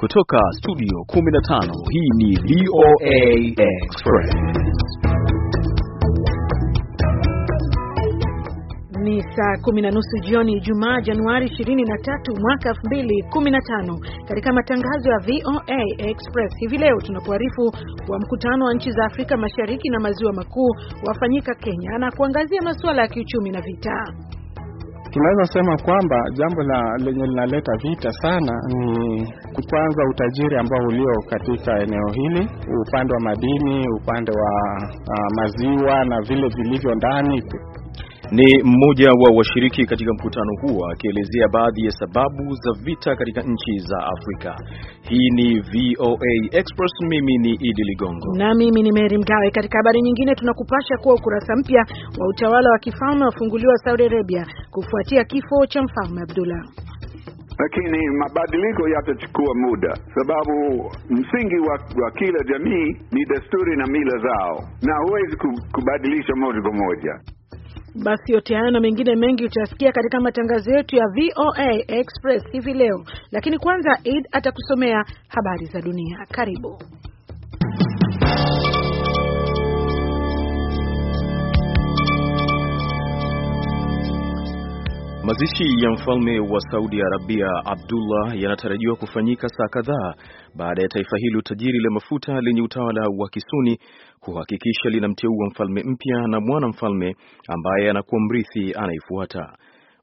Kutoka studio 15 hii ni VOA Express. Ni saa kumi na nusu jioni Ijumaa Januari 23 mwaka 2015. Katika matangazo ya VOA Express hivi leo tunakuarifu wa mkutano wa nchi za Afrika Mashariki na Maziwa Makuu wafanyika Kenya na kuangazia masuala ya kiuchumi na vita. Tunaweza sema kwamba jambo la lenye linaleta vita sana ni kwanza utajiri ambao ulio katika eneo hili, upande wa madini, upande wa uh, maziwa na vile vilivyo ndani. Ni mmoja wa washiriki katika mkutano huo akielezea baadhi ya sababu za vita katika nchi za Afrika. Hii ni VOA Express, mimi ni Idi Ligongo na mimi ni Mary Mgawe. Katika habari nyingine, tunakupasha kuwa ukurasa mpya wa utawala wa kifalme wafunguliwa Saudi Arabia kufuatia kifo cha mfalme Abdullah. Lakini mabadiliko yatachukua muda, sababu msingi wa, wa kila jamii ni desturi na mila zao, na huwezi kubadilisha moja kwa moja. Basi yote hayo na mengine mengi utasikia katika matangazo yetu ya VOA Express hivi leo, lakini kwanza Eid atakusomea habari za dunia. Karibu. Mazishi ya mfalme wa Saudi Arabia Abdullah yanatarajiwa kufanyika saa kadhaa baada ya taifa hilo tajiri la mafuta lenye utawala wa Kisuni kuhakikisha linamteua mfalme mpya na mwana mfalme ambaye anakuwa mrithi anayefuata.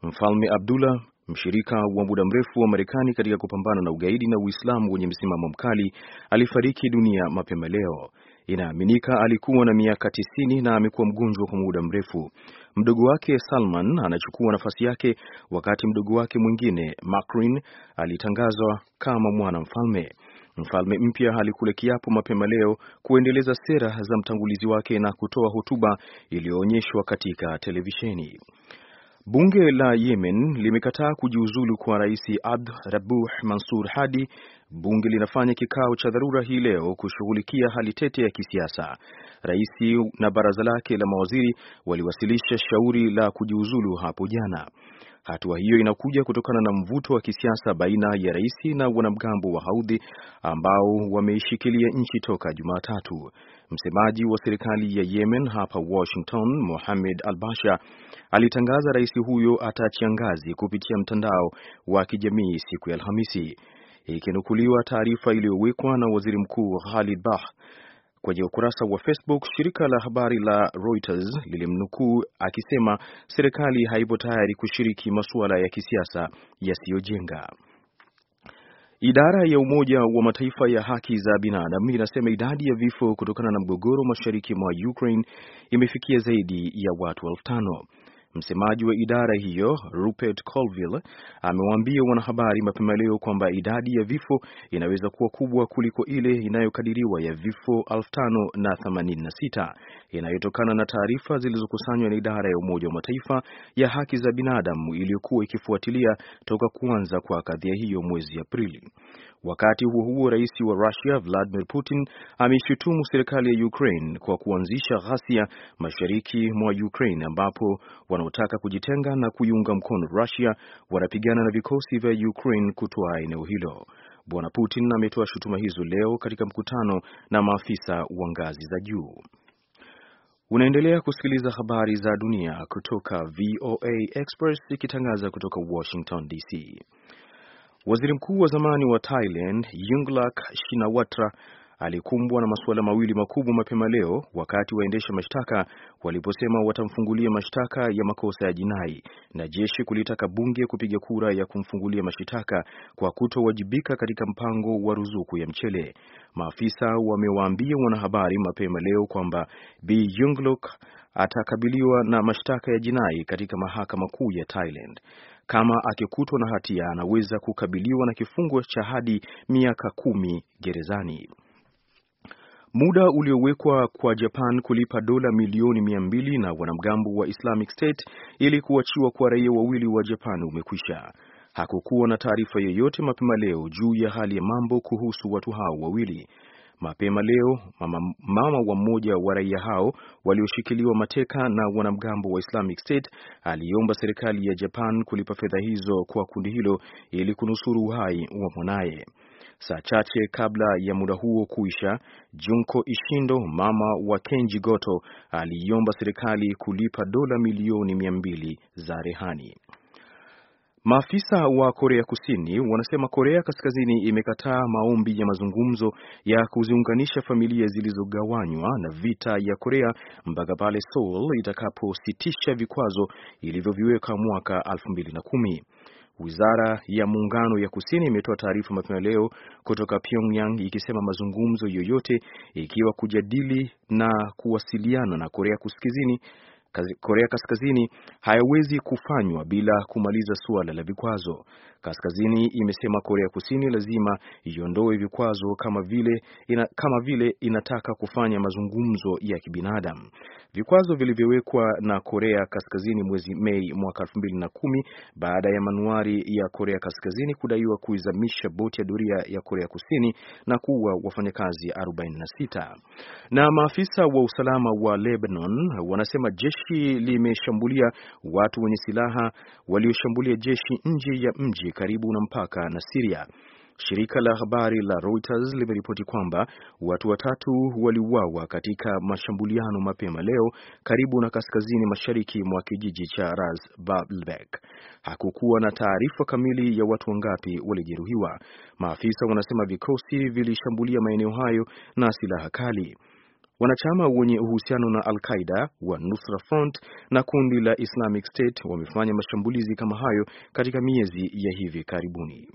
Mfalme Abdullah, mshirika wa muda mrefu wa Marekani katika kupambana na ugaidi na Uislamu wenye msimamo mkali, alifariki dunia mapema leo. Inaaminika alikuwa na miaka tisini na amekuwa mgonjwa kwa muda mrefu. Mdogo wake Salman anachukua nafasi yake, wakati mdogo wake mwingine macrin alitangazwa kama mwana mfalme. Mfalme mpya alikula kiapo mapema leo kuendeleza sera za mtangulizi wake na kutoa hotuba iliyoonyeshwa katika televisheni. Bunge la Yemen limekataa kujiuzulu kwa Rais Abd Rabuh Mansur Hadi Bunge linafanya kikao cha dharura hii leo kushughulikia hali tete ya kisiasa. Rais na baraza lake la mawaziri waliwasilisha shauri la kujiuzulu hapo jana. Hatua hiyo inakuja kutokana na mvuto wa kisiasa baina ya rais na wanamgambo wa Haudhi ambao wameishikilia nchi toka Jumatatu. Msemaji wa serikali ya Yemen hapa Washington, Mohamed Al-Basha, alitangaza rais huyo ataachia ngazi kupitia mtandao wa kijamii siku ya Alhamisi ikinukuliwa taarifa iliyowekwa na waziri mkuu Khalid Bah kwenye ukurasa wa Facebook, shirika la habari la Reuters lilimnukuu akisema serikali haipo tayari kushiriki masuala ya kisiasa yasiyojenga. Idara ya Umoja wa Mataifa ya haki za binadamu inasema idadi ya vifo kutokana na mgogoro mashariki mwa Ukraine imefikia zaidi ya watu elfu tano. Msemaji wa idara hiyo Rupert Colville amewaambia wanahabari mapema leo kwamba idadi ya vifo inaweza kuwa kubwa kuliko ile inayokadiriwa ya vifo 5,086 inayotokana na taarifa zilizokusanywa na idara ya Umoja wa Mataifa ya haki za binadamu iliyokuwa ikifuatilia toka kuanza kwa kadhia hiyo mwezi Aprili. Wakati huo huo, rais wa Russia Vladimir Putin ameishutumu serikali ya Ukraine kwa kuanzisha ghasia mashariki mwa Ukraine ambapo wanaotaka kujitenga na kuiunga mkono Russia wanapigana na vikosi vya Ukraine kutoa eneo hilo. Bwana Putin ametoa shutuma hizo leo katika mkutano na maafisa wa ngazi za juu. Unaendelea kusikiliza habari za dunia kutoka VOA Express ikitangaza kutoka Washington DC. Waziri mkuu wa zamani wa Thailand Yingluck Shinawatra alikumbwa na masuala mawili makubwa mapema leo wakati waendesha mashtaka waliposema watamfungulia mashtaka ya makosa ya jinai na jeshi kulitaka bunge kupiga kura ya kumfungulia mashitaka kwa kutowajibika katika mpango wa ruzuku ya mchele. Maafisa wamewaambia wanahabari mapema leo kwamba b Yingluck atakabiliwa na mashtaka ya jinai katika mahakama kuu ya Thailand. Kama akikutwa na hatia, anaweza kukabiliwa na kifungo cha hadi miaka kumi gerezani. Muda uliowekwa kwa Japan kulipa dola milioni mia mbili na wanamgambo wa Islamic State ili kuachiwa kwa raia wawili wa Japan umekwisha. Hakukuwa na taarifa yoyote mapema leo juu ya hali ya mambo kuhusu watu hao wawili. Mapema leo mama, mama wa mmoja wa raia hao walioshikiliwa mateka na wanamgambo wa Islamic State aliomba serikali ya Japan kulipa fedha hizo kwa kundi hilo ili kunusuru uhai wa mwanaye. Saa chache kabla ya muda huo kuisha, Junko Ishindo, mama wa Kenji Goto, aliiomba serikali kulipa dola milioni mia mbili za rehani. Maafisa wa Korea Kusini wanasema Korea Kaskazini imekataa maombi ya mazungumzo ya kuziunganisha familia zilizogawanywa na vita ya Korea mpaka pale Seoul itakapositisha vikwazo ilivyoviweka mwaka 2010. Wizara ya Muungano ya Kusini imetoa taarifa mapema leo kutoka Pyongyang ikisema mazungumzo yoyote ikiwa kujadili na kuwasiliana na Korea Kaskazini Korea Kaskazini hayawezi kufanywa bila kumaliza suala la vikwazo. Kaskazini imesema Korea Kusini lazima iondoe vikwazo kama vile, ina, kama vile inataka kufanya mazungumzo ya kibinadamu. Vikwazo vilivyowekwa na Korea Kaskazini mwezi Mei mwaka kumi baada ya manuari ya Korea Kaskazini kudaiwa kuizamisha boti ya doria ya Korea Kusini na kuua wafanyakazi 46. Na maafisa wa usalama wa Lebanon wanasema jeshi limeshambulia watu wenye silaha walioshambulia jeshi nje ya mji karibu na mpaka na Siria. Shirika la habari la Reuters limeripoti kwamba watu watatu waliuawa katika mashambuliano mapema leo karibu na kaskazini mashariki mwa kijiji cha Ras Baalbek. Hakukuwa na taarifa kamili ya watu wangapi walijeruhiwa. Maafisa wanasema vikosi vilishambulia maeneo hayo na silaha kali. Wanachama wenye uhusiano na Al-Qaida wa Nusra Front na kundi la Islamic State wamefanya mashambulizi kama hayo katika miezi ya hivi karibuni.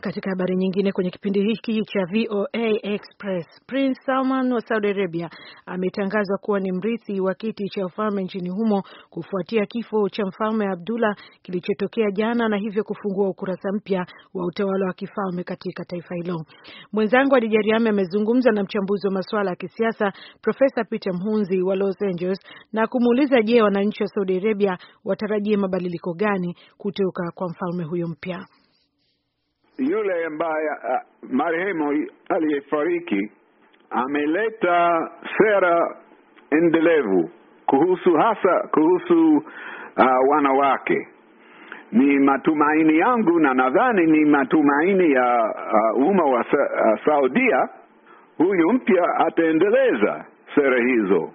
katika habari nyingine kwenye kipindi hiki cha VOA Express, Prince Salman wa Saudi Arabia ametangazwa kuwa ni mrithi wa kiti cha ufalme nchini humo kufuatia kifo cha mfalme Abdullah kilichotokea jana, na hivyo kufungua ukurasa mpya wa utawala wa kifalme katika taifa hilo. Mwenzangu Adija Riame amezungumza na mchambuzi wa masuala ya kisiasa Profesa Peter Mhunzi wa Los Angeles na kumuuliza, je, wananchi wa Saudi Arabia watarajie mabadiliko gani kutoka kwa mfalme huyo mpya? yule ambaye ah, marehemu aliyefariki ameleta sera endelevu kuhusu hasa kuhusu uh, wanawake. Ni matumaini yangu na nadhani ni matumaini ya uh, umma wa uh, Saudia, huyu mpya ataendeleza sera hizo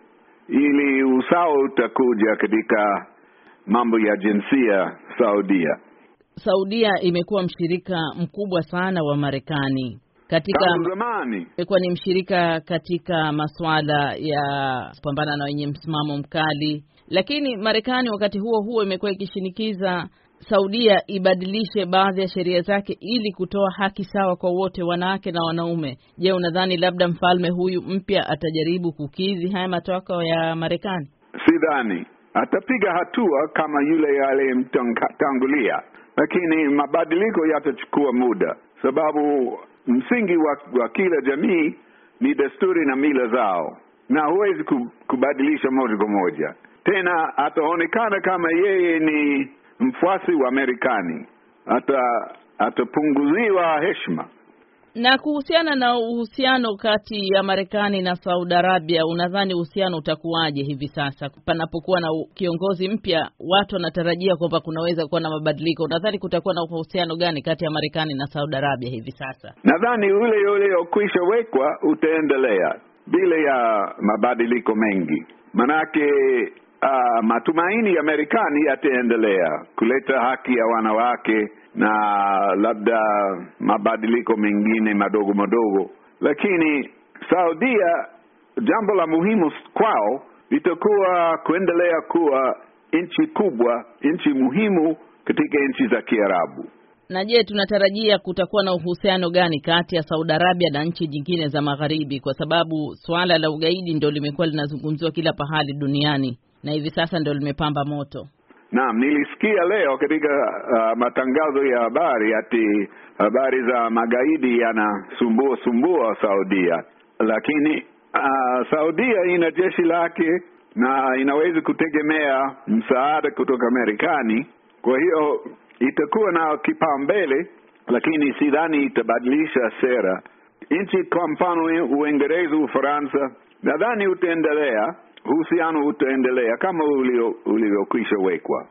ili usawa utakuja katika mambo ya jinsia Saudia. Saudia imekuwa mshirika mkubwa sana wa Marekani katika zamani, imekuwa ni mshirika katika masuala ya kupambana na wenye msimamo mkali, lakini Marekani wakati huo huo imekuwa ikishinikiza Saudia ibadilishe baadhi ya sheria zake ili kutoa haki sawa kwa wote, wanawake na wanaume. Je, unadhani labda mfalme huyu mpya atajaribu kukidhi haya matakwa ya Marekani? Sidhani atapiga hatua kama yule aliyemtangulia lakini mabadiliko yatachukua muda, sababu msingi wa, wa kila jamii ni desturi na mila zao, na huwezi kubadilisha moja kwa moja. Tena ataonekana kama yeye ni mfuasi wa Marekani, ata atapunguziwa heshima. Na kuhusiana na uhusiano kati ya Marekani na Saudi Arabia, unadhani uhusiano utakuwaje hivi sasa panapokuwa na kiongozi mpya? Watu wanatarajia kwamba kunaweza kuwa na mabadiliko. Unadhani kutakuwa na uhusiano gani kati ya Marekani na Saudi Arabia hivi sasa? Nadhani ule ule ukwisha wekwa utaendelea bila ya mabadiliko mengi, manake uh, matumaini ya Marekani yataendelea kuleta haki ya wanawake na labda mabadiliko mengine madogo madogo, lakini Saudia, jambo la muhimu kwao litakuwa kuendelea kuwa nchi kubwa, nchi muhimu katika nchi za Kiarabu. Na je, tunatarajia kutakuwa na uhusiano gani kati ya Saudi Arabia na nchi nyingine za Magharibi? Kwa sababu suala la ugaidi ndio limekuwa linazungumziwa kila pahali duniani na hivi sasa ndio limepamba moto. Naam, nilisikia leo katika uh, matangazo ya habari ati habari za magaidi yanasumbua sumbua Saudia, lakini uh, Saudia ina jeshi lake na inawezi kutegemea msaada kutoka Marekani. Kwa hiyo itakuwa na kipaumbele, lakini sidhani itabadilisha sera. Nchi kwa mfano Uingereza, Ufaransa nadhani utaendelea uhusiano utaendelea kama ulivyokwisha wekwa.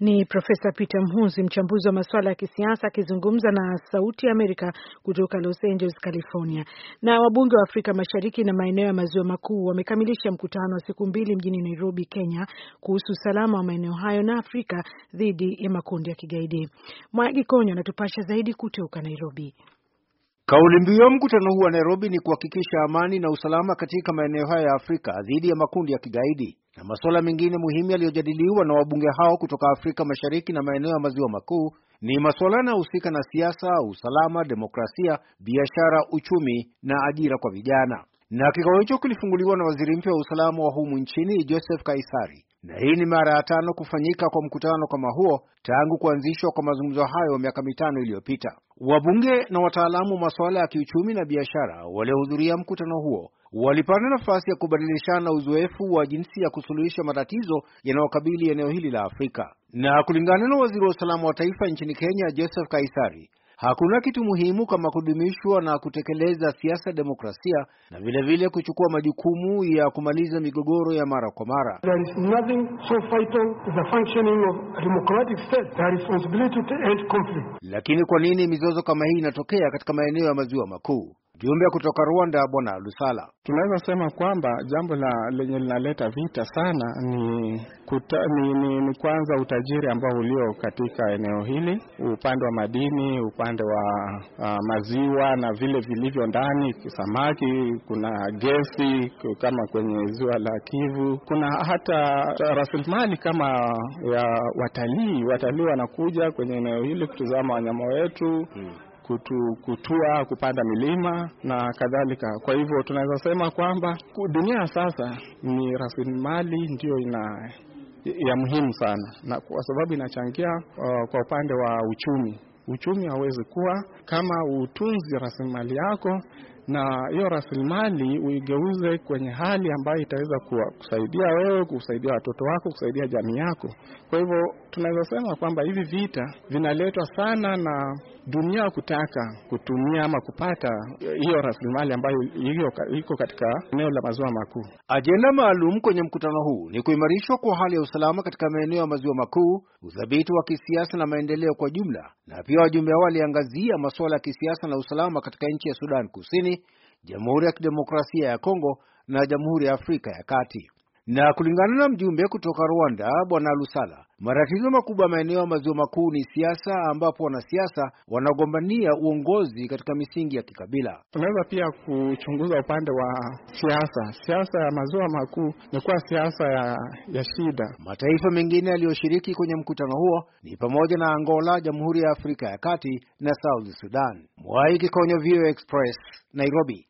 Ni Profesa Peter Mhunzi, mchambuzi wa masuala ya kisiasa akizungumza na Sauti ya Amerika kutoka Los Angeles, California. Na wabunge wa Afrika Mashariki na maeneo ya maziwa makuu wamekamilisha mkutano wa siku mbili mjini Nairobi, Kenya, kuhusu usalama wa maeneo hayo na Afrika dhidi ya makundi ya kigaidi. Mwagi Konyo anatupasha zaidi kutoka Nairobi. Kauli mbiu ya mkutano huu wa Nairobi ni kuhakikisha amani na usalama katika maeneo haya ya Afrika dhidi ya makundi ya kigaidi na masuala mengine muhimu yaliyojadiliwa na wabunge hao kutoka Afrika Mashariki na maeneo ya Maziwa Makuu ni masuala yanayohusika na siasa, usalama, demokrasia, biashara, uchumi na ajira kwa vijana. Na kikao hicho kilifunguliwa na waziri mpya wa usalama wa humu nchini Joseph Kaisari na hii ni mara ya tano kufanyika kwa mkutano kama huo tangu kuanzishwa kwa mazungumzo hayo miaka mitano iliyopita. Wabunge na wataalamu wa masuala ya kiuchumi na biashara waliohudhuria mkutano huo walipata nafasi ya kubadilishana uzoefu wa jinsi ya kusuluhisha matatizo yanayokabili eneo hili la Afrika. Na kulingana na waziri wa usalama wa taifa nchini Kenya, Joseph Kaisari, Hakuna kitu muhimu kama kudumishwa na kutekeleza siasa demokrasia na vilevile vile kuchukua majukumu ya kumaliza migogoro ya mara kwa mara. So, lakini kwa nini mizozo kama hii inatokea katika maeneo ya maziwa makuu? Jumbe kutoka Rwanda Bwana Lusala, tunaweza sema kwamba jambo la lenye linaleta vita sana ni, kuta, ni, ni, ni kwanza utajiri ambao ulio katika eneo hili, upande wa madini, upande wa uh, maziwa na vile vilivyo ndani, samaki, kuna gesi kama kwenye ziwa la Kivu, kuna hata rasilimali kama ya watalii. Watalii wanakuja kwenye eneo hili kutizama wanyama wetu hmm kutu, kutua, kupanda milima na kadhalika. Kwa hivyo tunaweza sema kwamba dunia sasa ni rasilimali ndio ina ya muhimu sana, na kwa sababu inachangia uh, kwa upande wa uchumi. Uchumi hauwezi kuwa kama utunzi rasilimali yako na hiyo rasilimali uigeuze kwenye hali ambayo itaweza kuwa kusaidia wewe, kusaidia watoto wako, kusaidia jamii yako. Kwa hivyo tunaweza kwamba hivi vita vinaletwa sana na dunia kutaka kutumia ama kupata hiyo rasilimali ambayo iko katika eneo la maziwa makuu. Ajenda maalum kwenye mkutano huu ni kuimarishwa kwa hali ya usalama katika maeneo ya maziwa makuu, udhabiti wa kisiasa na maendeleo kwa jumla, na pia wajumbe hao waliangazia masuala ya kisiasa na usalama katika nchi ya Sudan Kusini, Jamhuri ya Kidemokrasia ya Kongo na Jamhuri ya Afrika ya Kati. Na kulingana na mjumbe kutoka Rwanda Bwana Lusala, matatizo makubwa maeneo ya maziwa makuu ni siasa, ambapo wanasiasa wanagombania uongozi katika misingi ya kikabila. Tunaweza pia kuchunguza upande wa siasa. Siasa ya maziwa makuu imekuwa siasa ya, ya shida. Mataifa mengine yaliyoshiriki kwenye mkutano huo ni pamoja na Angola, Jamhuri ya Afrika ya Kati na South Sudan. Mwai Kikonyo, VOA Express, Nairobi.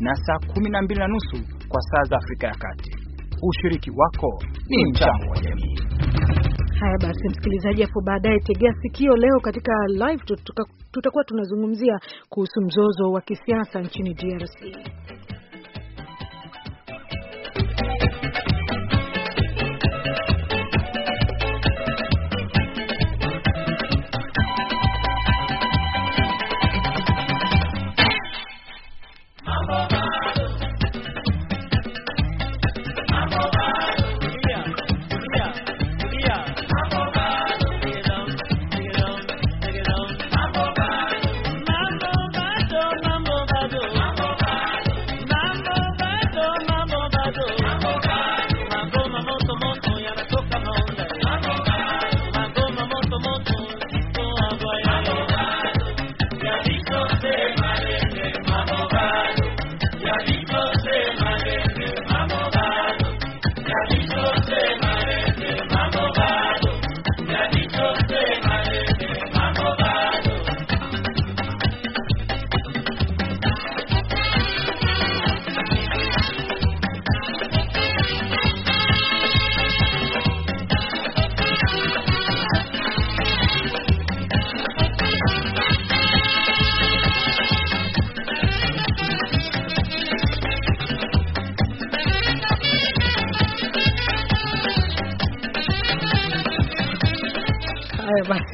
na saa 12 na nusu kwa saa za Afrika ya Kati. Ushiriki wako ni mchango wa jamii. Haya basi, msikilizaji, hapo baadaye tegea sikio. Leo katika live tutakuwa tunazungumzia kuhusu mzozo wa kisiasa nchini DRC.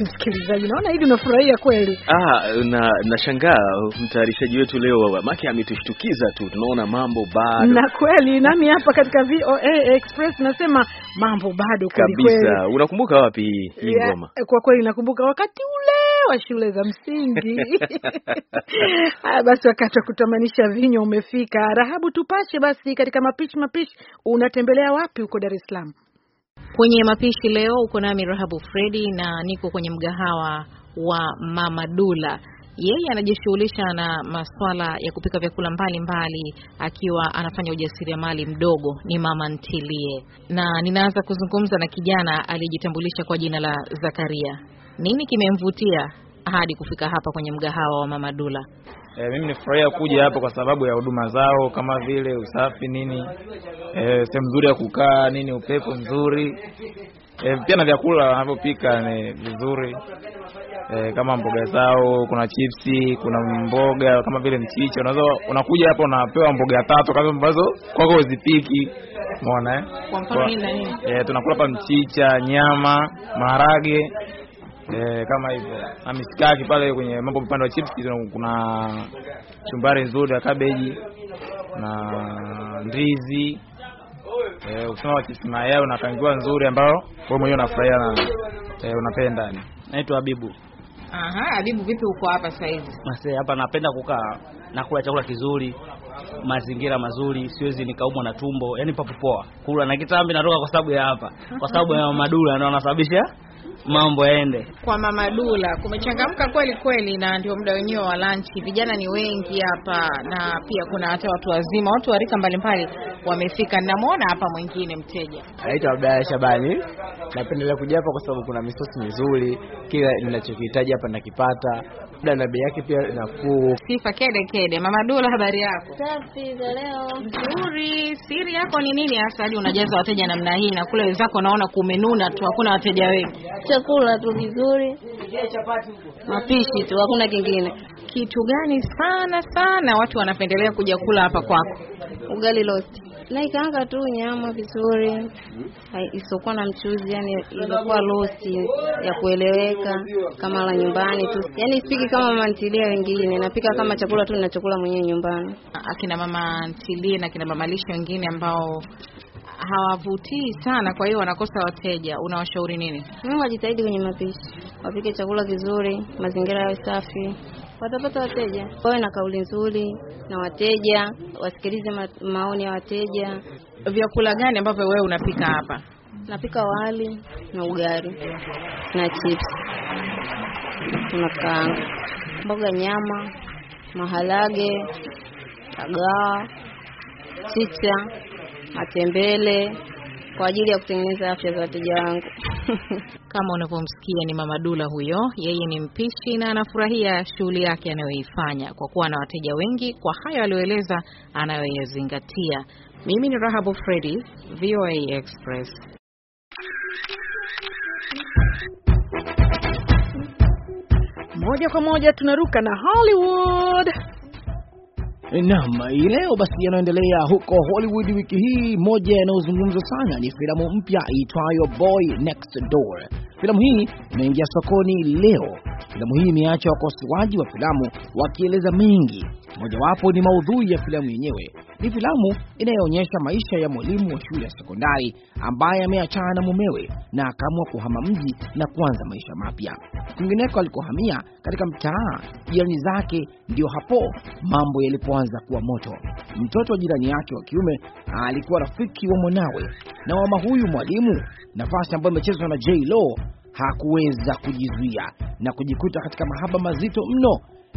msikilizaji, naona hivi unafurahia kweli. Ah, na nashangaa mtayarishaji wetu leo maki ametushtukiza tu, tunaona mambo bado. Na kweli nami hapa katika VOA Express nasema mambo bado kweli kabisa. Unakumbuka wapi hii ngoma? Kwa kweli nakumbuka wakati ule wa shule za msingi. Haya basi, wakati wa kutamanisha vinywa umefika. Rahabu, tupashe basi katika mapishi mapishi, unatembelea wapi huko Dar es Salaam? Kwenye mapishi leo uko nami Rahabu Fredi na niko kwenye mgahawa wa Mama Dula. Yeye anajishughulisha na masuala ya kupika vyakula mbalimbali akiwa anafanya ujasiriamali mdogo, ni mama ntilie, na ninaanza kuzungumza na kijana aliyejitambulisha kwa jina la Zakaria. Nini kimemvutia hadi kufika hapa kwenye mgahawa wa Mama Dula? E, mimi nifurahia kuja hapa kwa sababu ya huduma zao kama vile usafi nini, e, sehemu nzuri ya kukaa nini, upepo mzuri e, pia na vyakula wanavyopika ni vizuri e, kama mboga zao, kuna chipsi, kuna mboga kama vile mchicha. Unaweza unakuja hapa unapewa mboga tatu kama ambazo kwako uzipiki, umeona eh? Kwa, e, tunakula hapa mchicha, nyama, maharage eh, kama hivyo na misikaki pale kwenye mambo upande wa chips, kuna chumbari nzuri ya kabeji na ndizi eh, ukisema chips mayai unakangiwa nzuri ambayo wewe mwenyewe unafurahia na eh, unapenda. Naitwa Habibu. Aha, Habibu, vipi uko hapa sasa hivi? Mase, hapa napenda kukaa na kula chakula kizuri, mazingira mazuri, siwezi nikaumwa na tumbo, yani papo poa. Kula na kitambi natoka kwa sababu ya hapa, kwa sababu ya madura ndio anasababisha mambo yaende. Kwa Mama Dula kumechangamka kweli kweli, na ndio muda wenyewe wa lunch. Vijana ni wengi hapa, na pia kuna hata watu wazima, watu wa rika mbalimbali wamefika. ninamwona hapa mwingine mteja anaitwa Abdalla Shabani. Napendelea kuja hapa kwa sababu kuna misosi mizuri, kila ninachokihitaji hapa nakipata labda na bei yake pia nafuu. Sifa kede kede. Mama Dula, habari yako? Safi za leo. Nzuri. Siri yako ni nini hasa hadi unajaza wateja namna hii, na kule wenzako naona kumenuna tu, hakuna wateja wengi? Chakula tu kizuri, mapishi tu, hakuna kingine. Kitu gani sana sana watu wanapendelea kuja kula hapa kwako? Ugali roast naikaanga tu nyama vizuri hmm? isiokuwa na mchuzi, yani ilikuwa losi ya kueleweka kama la nyumbani tu, yani sipiki kama mama ntilie wengine, napika kama chakula tu ninachokula mwenyewe nyumbani. Akina mama ntilie na akina mama lishe wengine ambao hawavutii sana, kwa hiyo wanakosa wateja, unawashauri nini? Mimi wajitahidi kwenye mapishi, wapike chakula vizuri mazingira yawe safi watapata wateja, wawe na kauli nzuri na wateja, wasikilize ma maoni ya wateja. Vyakula gani ambavyo wewe unapika hapa? Napika wali na ugali na chips, tunakaanga mboga, nyama, maharage, dagaa, chicha, matembele kwa ajili ya kutengeneza afya za wateja wangu. Kama unavyomsikia ni Mama Dula huyo, yeye ni mpishi na anafurahia shughuli yake anayoifanya kwa kuwa na wateja wengi kwa hayo aliyoeleza anayoyazingatia. Mimi ni Rahabu Fredi, VOA Express. Moja kwa moja tunaruka na Hollywood Naam, leo basi yanayoendelea huko Hollywood wiki hii, moja yanayozungumzwa sana ni filamu mpya iitwayo Boy Next Door. Filamu hii inaingia sokoni leo. Filamu hii imeacha wakosoaji wa filamu wakieleza mengi Mojawapo ni maudhui ya filamu yenyewe. Ni filamu inayoonyesha maisha ya mwalimu wa shule ya sekondari ambaye ameachana na mumewe na akaamua kuhama mji na kuanza maisha mapya kwingineko alikohamia katika mtaa jirani zake. Ndiyo hapo mambo yalipoanza kuwa moto. Mtoto wa jirani yake wa kiume alikuwa rafiki wa mwanawe, na mama huyu mwalimu, nafasi ambayo imechezwa na J Lo, hakuweza kujizuia na kujikuta katika mahaba mazito mno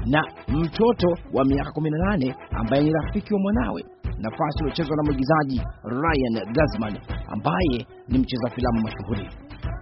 na mtoto wa miaka 18 ambaye ni rafiki wa mwanawe, nafasi iliyochezwa na mwigizaji Ryan Guzman ambaye ni mcheza filamu mashuhuri.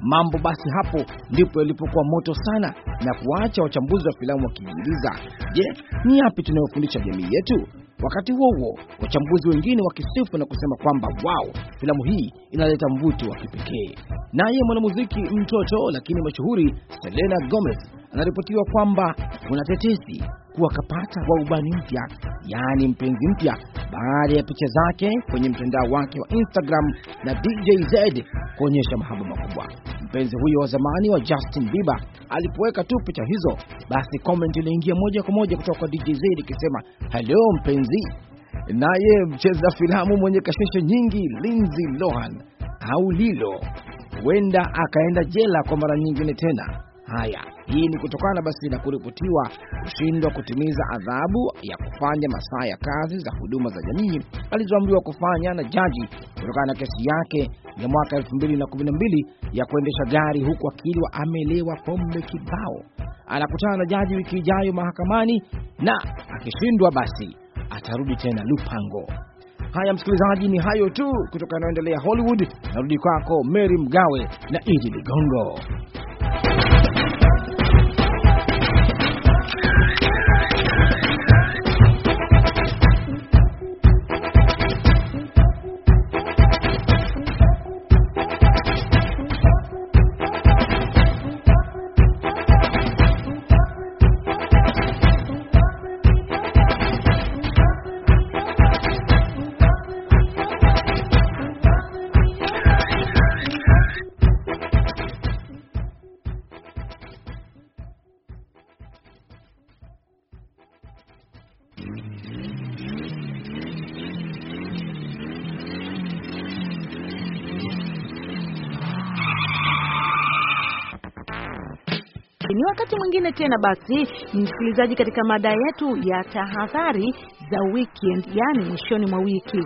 Mambo basi hapo ndipo yalipokuwa moto sana na kuacha wachambuzi wa filamu wakijiuliza, je, ni yapi tunayofundisha jamii yetu? Wakati huo huo, wachambuzi wengine wakisifu na kusema kwamba wao, filamu hii inaleta mvuto wa kipekee. Naye mwanamuziki mtoto lakini mashuhuri Selena Gomez anaripotiwa kwamba kuna tetesi kuwa kapata waubani mpya, yaani mpenzi mpya, baada ya picha zake kwenye mtandao wake wa Instagram na DJ Z kuonyesha mahaba makubwa. Mpenzi huyo wa zamani wa Justin Bieber alipoweka tu picha hizo, basi comment iliingia moja kwa moja kutoka kwa DJ Z ikisema, halo mpenzi. Naye mcheza filamu mwenye kasheshe nyingi Lindsay Lohan au Lilo huenda akaenda jela kwa mara nyingine tena. Haya. Hii ni kutokana basi na kuripotiwa kushindwa kutimiza adhabu ya kufanya masaa ya kazi za huduma za jamii alizoamriwa kufanya na jaji kutokana na kesi yake ya mwaka 2012 ya kuendesha gari huku akiwa amelewa pombe kibao. Anakutana na jaji wiki ijayo mahakamani, na akishindwa basi atarudi tena Lupango. Haya msikilizaji, ni hayo tu kutoka yanayoendelea Hollywood. Narudi kwako Mary Mgawe na Idi Ligongo. wakati mwingine tena. Basi msikilizaji, katika mada yetu ya tahadhari za weekend, yani mwishoni mwa wiki,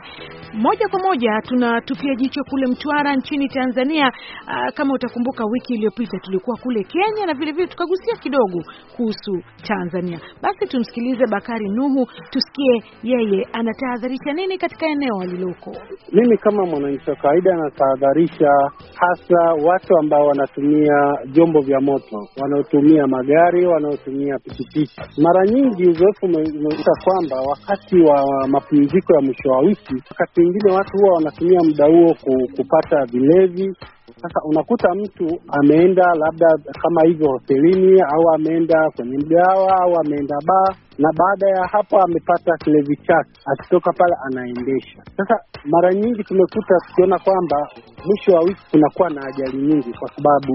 moja kwa moja tunatupia jicho kule Mtwara nchini Tanzania. Aa, ah, kama utakumbuka wiki iliyopita tulikuwa kule Kenya na vile vile tukagusia kidogo kuhusu Tanzania. Basi tumsikilize Bakari Nuhu, tusikie yeye anatahadharisha nini katika eneo aliloko. Mimi kama mwananchi wa kawaida natahadharisha hasa watu ambao wanatumia vyombo vya moto, wanaotumia magari, wanaotumia pikipiki. Mara nyingi uzoefu umeonyesha kwamba wakati wa mapumziko ya mwisho wa wiki wakati mwingine watu huwa wanatumia muda huo kupata vilevi. Sasa unakuta mtu ameenda labda kama hivyo hotelini au ameenda kwenye mgawa au ameenda baa, na baada ya hapo amepata kilevi chake, akitoka pale anaendesha. Sasa mara nyingi tumekuta tukiona kwamba mwisho wa wiki kunakuwa na ajali nyingi, kwa sababu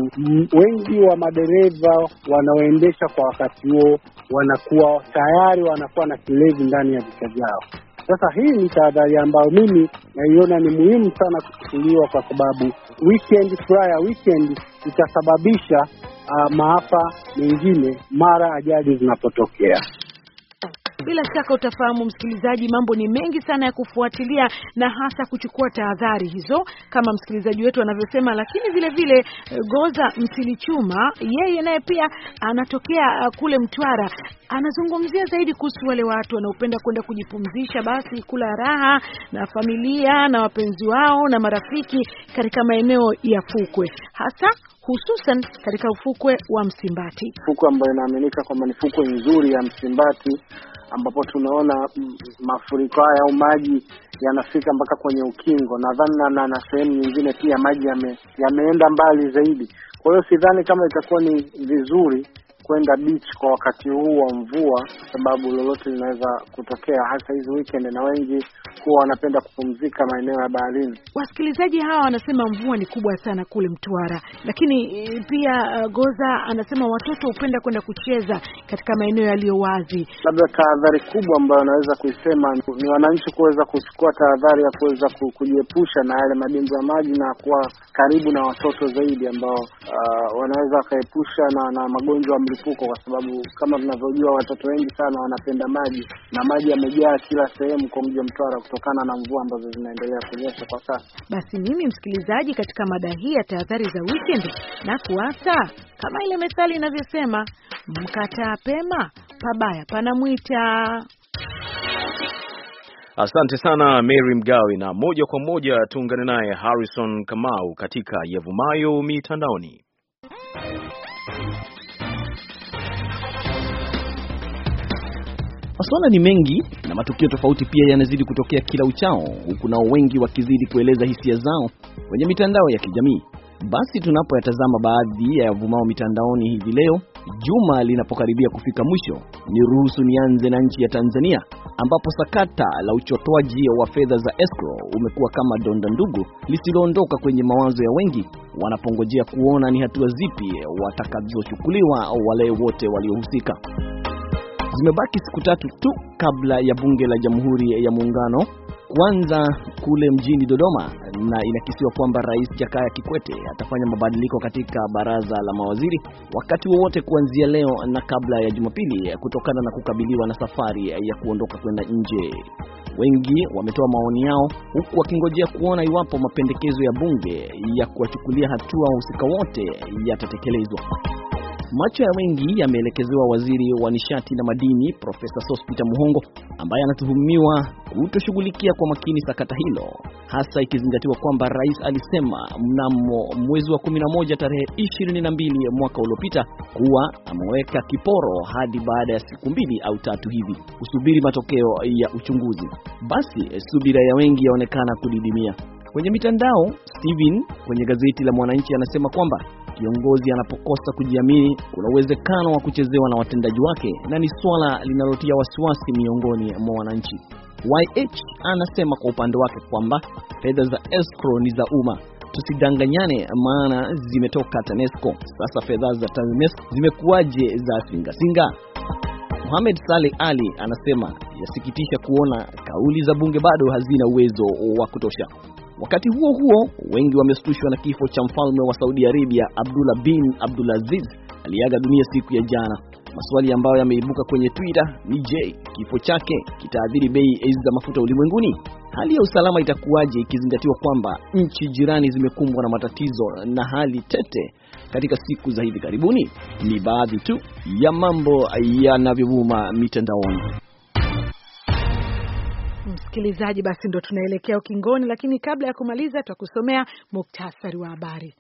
wengi wa madereva wanaoendesha kwa wakati huo wanakuwa tayari wanakuwa na kilevi ndani ya vichwa vyao. Sasa hii ni tahadhari ambayo mimi naiona ni muhimu sana kuchukuliwa, kwa sababu weekend, furaha ya weekend itasababisha uh, maafa mengine mara ajali zinapotokea. Bila shaka utafahamu msikilizaji, mambo ni mengi sana ya kufuatilia na hasa kuchukua tahadhari hizo kama msikilizaji wetu anavyosema. Lakini vile vile eh, Goza Msilichuma yeye naye pia anatokea eh, kule Mtwara, anazungumzia zaidi kuhusu wale watu wanaopenda kwenda kujipumzisha, basi kula raha na familia na wapenzi wao na marafiki katika maeneo ya fukwe hasa hususan katika ufukwe wa Msimbati, fukwe ambayo inaaminika kwamba ni fukwe nzuri ya Msimbati, ambapo tunaona mafuriko haya au maji yanafika mpaka kwenye ukingo, nadhani na, na, na sehemu nyingine pia maji yameenda ya mbali zaidi. Kwa hiyo sidhani kama itakuwa ni vizuri kwenda beach kwa wakati huu wa mvua, sababu lolote linaweza kutokea, hasa hizi weekend, na wengi huwa wanapenda kupumzika maeneo ya baharini. Wasikilizaji hawa wanasema mvua ni kubwa sana kule Mtwara, lakini eh, pia uh, Goza anasema watoto hupenda kwenda kucheza katika maeneo yaliyo wazi. Labda tahadhari kubwa ambayo anaweza kuisema ni wananchi kuweza kuchukua tahadhari ya kuweza kujiepusha na yale madimbo ya maji na kuwa karibu na watoto zaidi ambao uh, wanaweza wakaepusha na, na magonjwa mlipuko, kwa sababu kama tunavyojua watoto wengi sana wanapenda maji na maji yamejaa kila sehemu kwa mji wa Mtwara kutokana na mvua ambazo zinaendelea kunyesha kwa sasa. Basi mimi msikilizaji, katika mada hii ya tahadhari za weekend, na kuasa kama ile methali inavyosema, mkataa pema pabaya panamwita. Asante sana Mary Mgawe, na moja kwa moja tuungane naye Harrison Kamau katika yevumayo mitandaoni. Masuala ni mengi na matukio tofauti pia yanazidi kutokea kila uchao, huku nao wengi wakizidi kueleza hisia zao kwenye mitandao ya kijamii. Basi tunapoyatazama baadhi ya yavumao mitandaoni hivi leo, juma linapokaribia kufika mwisho, ni ruhusu nianze na nchi ya Tanzania ambapo sakata la uchotoaji wa fedha za escrow umekuwa kama donda ndugu lisiloondoka kwenye mawazo ya wengi wanapongojea kuona ni hatua zipi watakazochukuliwa wale wote waliohusika. Zimebaki siku tatu tu kabla ya bunge la Jamhuri ya Muungano kuanza kule mjini Dodoma, na inakisiwa kwamba Rais Jakaya Kikwete atafanya mabadiliko katika baraza la mawaziri wakati wowote kuanzia leo na kabla ya Jumapili, kutokana na kukabiliwa na safari ya kuondoka kwenda nje. Wengi wametoa maoni yao huku wakingojea kuona iwapo mapendekezo ya bunge ya kuwachukulia hatua wahusika wote yatatekelezwa. Macho ya wengi yameelekezewa waziri wa nishati na madini Profesa Sospeter Muhongo ambaye anatuhumiwa kutoshughulikia kwa makini sakata hilo, hasa ikizingatiwa kwamba rais alisema mnamo mwezi wa 11 tarehe 22 mwaka uliopita kuwa ameweka kiporo hadi baada ya siku mbili au tatu hivi kusubiri matokeo ya uchunguzi. Basi subira ya wengi yaonekana kudidimia. Kwenye mitandao, Steven kwenye gazeti la Mwananchi anasema kwamba Kiongozi anapokosa kujiamini, kuna uwezekano wa kuchezewa na watendaji wake, na ni swala linalotia wasiwasi miongoni mwa wananchi. YH anasema kwa upande wake kwamba fedha za escrow ni za umma. Tusidanganyane, maana zimetoka TANESCO. Sasa fedha za TANESCO zimekuwaje za singasinga? Mohamed Saleh Ali anasema yasikitisha kuona kauli za bunge bado hazina uwezo wa kutosha. Wakati huo huo, wengi wameshtushwa na kifo cha mfalme wa Saudi Arabia Abdullah bin Abdulaziz aliaga dunia siku ya jana. Maswali ambayo yameibuka kwenye Twitter ni je, kifo chake kitaathiri bei za mafuta ulimwenguni? Hali ya usalama itakuwaje ikizingatiwa kwamba nchi jirani zimekumbwa na matatizo na hali tete katika siku za hivi karibuni? Ni baadhi tu ya mambo yanavyovuma mitandaoni. Msikilizaji, basi ndo tunaelekea ukingoni, lakini kabla ya kumaliza tutakusomea muktasari wa habari.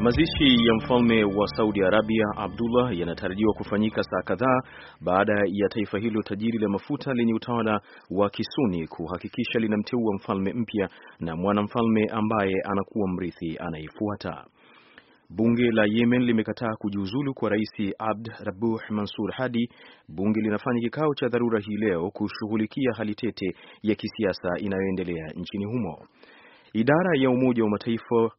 Mazishi ya mfalme wa Saudi Arabia Abdullah yanatarajiwa kufanyika saa kadhaa baada ya taifa hilo tajiri la mafuta lenye utawala wa Kisuni kuhakikisha linamteua mfalme mpya na mwanamfalme ambaye anakuwa mrithi anayefuata. Bunge la Yemen limekataa kujiuzulu kwa Rais Abd Rabuh Mansur Hadi. Bunge linafanya kikao cha dharura hii leo kushughulikia hali tete ya kisiasa inayoendelea nchini humo. Idara ya Umoja wa Mataifa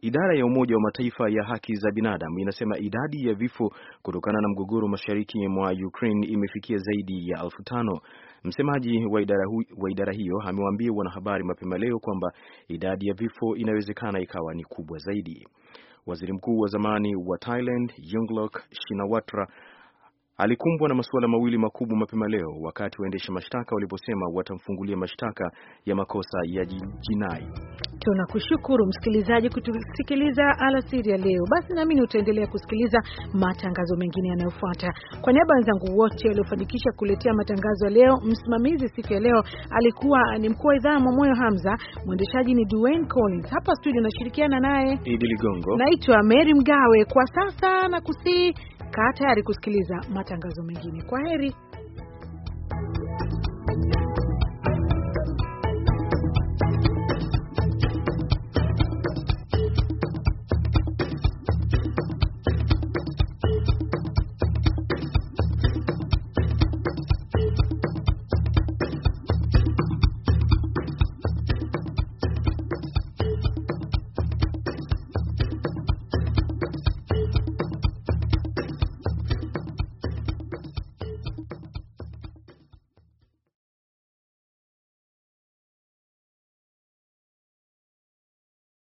Idara ya Umoja wa Mataifa ya haki za binadamu inasema idadi ya vifo kutokana na mgogoro mashariki mwa Ukraine imefikia zaidi ya elfu tano. Msemaji wa idara, hu, wa idara hiyo amewaambia wanahabari mapema leo kwamba idadi ya vifo inawezekana ikawa ni kubwa zaidi. Waziri mkuu wa zamani wa Thailand Yingluck Shinawatra alikumbwa na masuala mawili makubwa mapema leo wakati waendesha mashtaka waliposema watamfungulia mashtaka ya makosa ya jinai. Tunakushukuru msikilizaji kutusikiliza alasiri ya leo. Basi naamini utaendelea kusikiliza matangazo mengine yanayofuata. Kwa niaba ya wenzangu wote waliofanikisha kuletea matangazo ya leo, msimamizi siku ya leo alikuwa ni mkuu wa idhaa Mwamoyo Hamza, mwendeshaji ni Duane Collins. Hapa studio nashirikiana naye Idi Ligongo. Naitwa Mary Mgawe. Kwa sasa na kusii Kaa tayari kusikiliza matangazo mengine. Kwa heri.